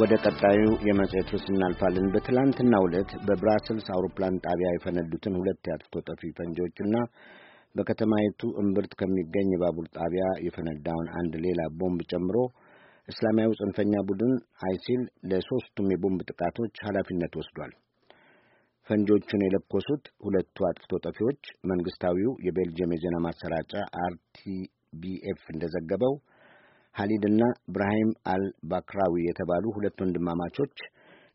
ወደ ቀጣዩ የመጽሔቱ እናልፋለን። በትላንትና ዕለት በብራስልስ አውሮፕላን ጣቢያ የፈነዱትን ሁለት የአጥፍቶ ጠፊ ፈንጂዎችና በከተማይቱ እምብርት ከሚገኝ የባቡር ጣቢያ የፈነዳውን አንድ ሌላ ቦምብ ጨምሮ እስላማዊ ጽንፈኛ ቡድን አይሲል ለሦስቱም የቦምብ ጥቃቶች ኃላፊነት ወስዷል። ፈንጂዎቹን የለኮሱት ሁለቱ አጥፍቶ ጠፊዎች መንግሥታዊው የቤልጅየም የዜና ማሰራጫ አርቲቢኤፍ እንደዘገበው ሀሊድና ብራሂም አልባክራዊ የተባሉ ሁለት ወንድማማቾች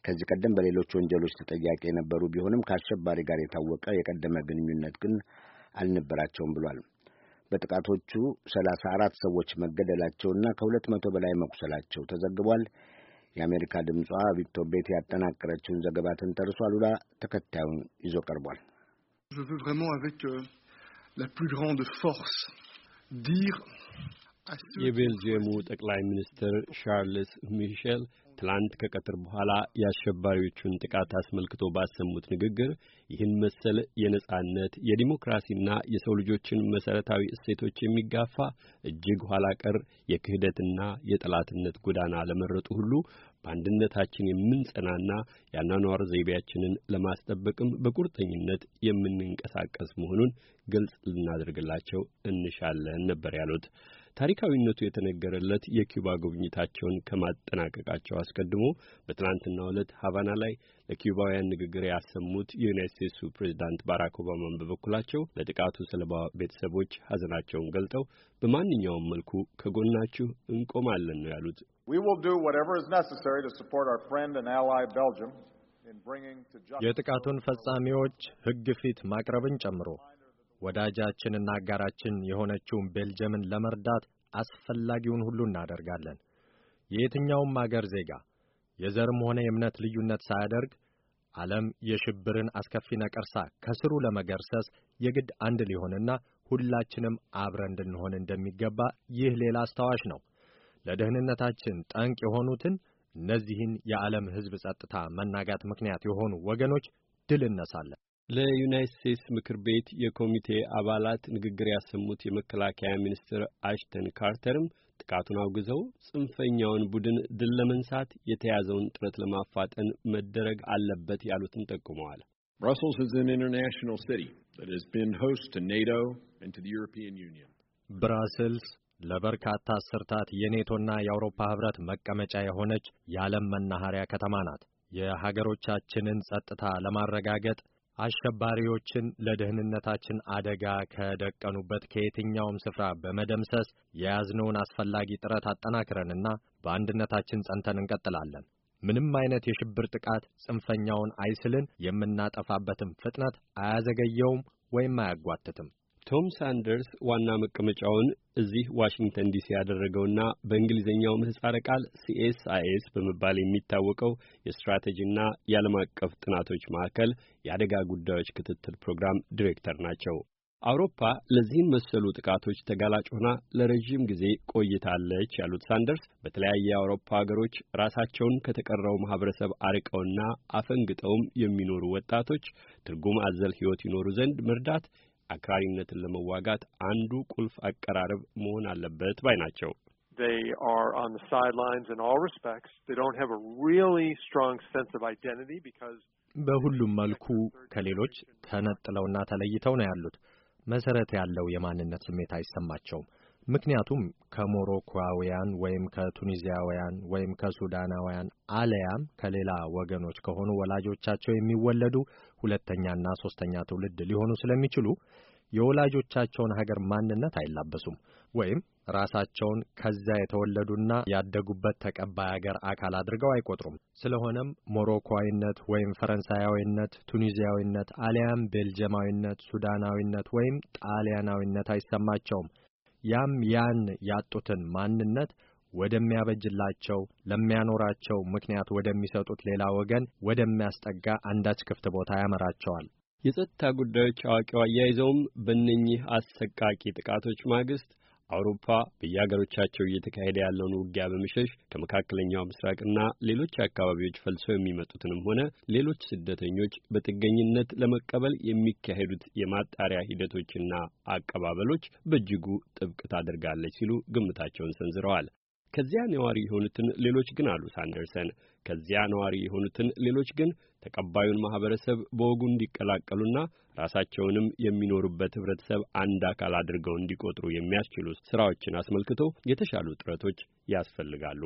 ከዚህ ቀደም በሌሎች ወንጀሎች ተጠያቂ የነበሩ ቢሆንም ከአሸባሪ ጋር የታወቀ የቀደመ ግንኙነት ግን አልነበራቸውም ብሏል። በጥቃቶቹ ሰላሳ አራት ሰዎች መገደላቸውና ከሁለት መቶ በላይ መቁሰላቸው ተዘግቧል። የአሜሪካ ድምጿ ቪክቶር ቤት ያጠናቀረችውን ዘገባ ተንተርሶ አሉላ ተከታዩን ይዞ ቀርቧል። Je veux vraiment avec euh, la plus grande force dire የቤልጅየሙ ጠቅላይ ሚኒስትር ሻርልስ ሚሼል ትላንት ከቀትር በኋላ የአሸባሪዎቹን ጥቃት አስመልክቶ ባሰሙት ንግግር ይህን መሰል የነጻነት የዲሞክራሲና የሰው ልጆችን መሰረታዊ እሴቶች የሚጋፋ እጅግ ኋላ ቀር የክህደትና የጠላትነት ጎዳና ለመረጡ ሁሉ በአንድነታችን የምንጸናና የአኗኗር ዘይቤያችንን ለማስጠበቅም በቁርጠኝነት የምንንቀሳቀስ መሆኑን ግልጽ ልናደርግላቸው እንሻለን ነበር ያሉት። ታሪካዊነቱ የተነገረለት የኪዩባ ጉብኝታቸውን ከማጠናቀቃቸው አስቀድሞ በትናንትና ዕለት ሀቫና ላይ ለኪዩባውያን ንግግር ያሰሙት የዩናይት ስቴትሱ ፕሬዚዳንት ባራክ ኦባማን በበኩላቸው ለጥቃቱ ሰለባ ቤተሰቦች ሀዘናቸውን ገልጠው በማንኛውም መልኩ ከጎናችሁ እንቆማለን ነው ያሉት። የጥቃቱን ፈጻሚዎች ሕግ ፊት ማቅረብን ጨምሮ ወዳጃችንና አጋራችን የሆነችውን ቤልጅየምን ለመርዳት አስፈላጊውን ሁሉ እናደርጋለን። የየትኛውም አገር ዜጋ የዘርም ሆነ የእምነት ልዩነት ሳያደርግ ዓለም የሽብርን አስከፊ ነቀርሳ ከስሩ ለመገርሰስ የግድ አንድ ሊሆንና ሁላችንም አብረን እንድንሆን እንደሚገባ ይህ ሌላ አስታዋሽ ነው። ለደህንነታችን ጠንቅ የሆኑትን እነዚህን የዓለም ሕዝብ ጸጥታ መናጋት ምክንያት የሆኑ ወገኖች ድል እነሳለን። ለዩናይት ስቴትስ ምክር ቤት የኮሚቴ አባላት ንግግር ያሰሙት የመከላከያ ሚኒስትር አሽተን ካርተርም ጥቃቱን አውግዘው ጽንፈኛውን ቡድን ድል ለመንሳት የተያዘውን ጥረት ለማፋጠን መደረግ አለበት ያሉትን ጠቁመዋል። ብራስልስ ብራስልስ ለበርካታ አስርታት የኔቶና የአውሮፓ ህብረት መቀመጫ የሆነች የዓለም መናኸሪያ ከተማ ናት። የሀገሮቻችንን ጸጥታ ለማረጋገጥ አሸባሪዎችን ለደህንነታችን አደጋ ከደቀኑበት ከየትኛውም ስፍራ በመደምሰስ የያዝነውን አስፈላጊ ጥረት አጠናክረንና በአንድነታችን ጸንተን እንቀጥላለን። ምንም አይነት የሽብር ጥቃት ጽንፈኛውን አይስልን የምናጠፋበትም ፍጥነት አያዘገየውም ወይም አያጓትትም። ቶም ሳንደርስ ዋና መቀመጫውን እዚህ ዋሽንግተን ዲሲ ያደረገውና በእንግሊዝኛው ምህጻረ ቃል ሲኤስአይኤስ በመባል የሚታወቀው የስትራቴጂና የዓለም አቀፍ ጥናቶች ማዕከል የአደጋ ጉዳዮች ክትትል ፕሮግራም ዲሬክተር ናቸው። አውሮፓ ለዚህም መሰሉ ጥቃቶች ተጋላጭ ሆና ለረዥም ጊዜ ቆይታለች ያሉት ሳንደርስ በተለያየ የአውሮፓ ሀገሮች ራሳቸውን ከተቀረው ማህበረሰብ አርቀውና አፈንግጠውም የሚኖሩ ወጣቶች ትርጉም አዘል ሕይወት ይኖሩ ዘንድ መርዳት አክራሪነትን ለመዋጋት አንዱ ቁልፍ አቀራረብ መሆን አለበት ባይ ናቸው። በሁሉም መልኩ ከሌሎች ተነጥለውና ተለይተው ነው ያሉት። መሰረት ያለው የማንነት ስሜት አይሰማቸውም። ምክንያቱም ከሞሮኮውያን ወይም ከቱኒዚያውያን ወይም ከሱዳናውያን አለያም ከሌላ ወገኖች ከሆኑ ወላጆቻቸው የሚወለዱ ሁለተኛና ሦስተኛ ትውልድ ሊሆኑ ስለሚችሉ የወላጆቻቸውን ሀገር ማንነት አይላበሱም ወይም ራሳቸውን ከዚያ የተወለዱና ያደጉበት ተቀባይ ሀገር አካል አድርገው አይቆጥሩም። ስለሆነም ሞሮኮዊነት ወይም ፈረንሳያዊነት፣ ቱኒዚያዊነት አሊያም ቤልጅማዊነት፣ ሱዳናዊነት ወይም ጣሊያናዊነት አይሰማቸውም። ያም ያን ያጡትን ማንነት ወደሚያበጅላቸው ለሚያኖራቸው ምክንያት ወደሚሰጡት ሌላ ወገን ወደሚያስጠጋ አንዳች ክፍት ቦታ ያመራቸዋል። የጸጥታ ጉዳዮች አዋቂው አያይዘውም በእነኚህ አሰቃቂ ጥቃቶች ማግስት አውሮፓ በየሀገሮቻቸው እየተካሄደ ያለውን ውጊያ በመሸሽ ከመካከለኛው ምስራቅና ሌሎች አካባቢዎች ፈልሰው የሚመጡትንም ሆነ ሌሎች ስደተኞች በጥገኝነት ለመቀበል የሚካሄዱት የማጣሪያ ሂደቶችና አቀባበሎች በእጅጉ ጥብቅ ታደርጋለች ሲሉ ግምታቸውን ሰንዝረዋል። ከዚያ ነዋሪ የሆኑትን ሌሎች ግን አሉ ሳንደርሰን ከዚያ ነዋሪ የሆኑትን ሌሎች ግን ተቀባዩን ማህበረሰብ በወጉ እንዲቀላቀሉና ራሳቸውንም የሚኖሩበት ህብረተሰብ አንድ አካል አድርገው እንዲቆጥሩ የሚያስችሉ ስራዎችን አስመልክቶ የተሻሉ ጥረቶች ያስፈልጋሉ።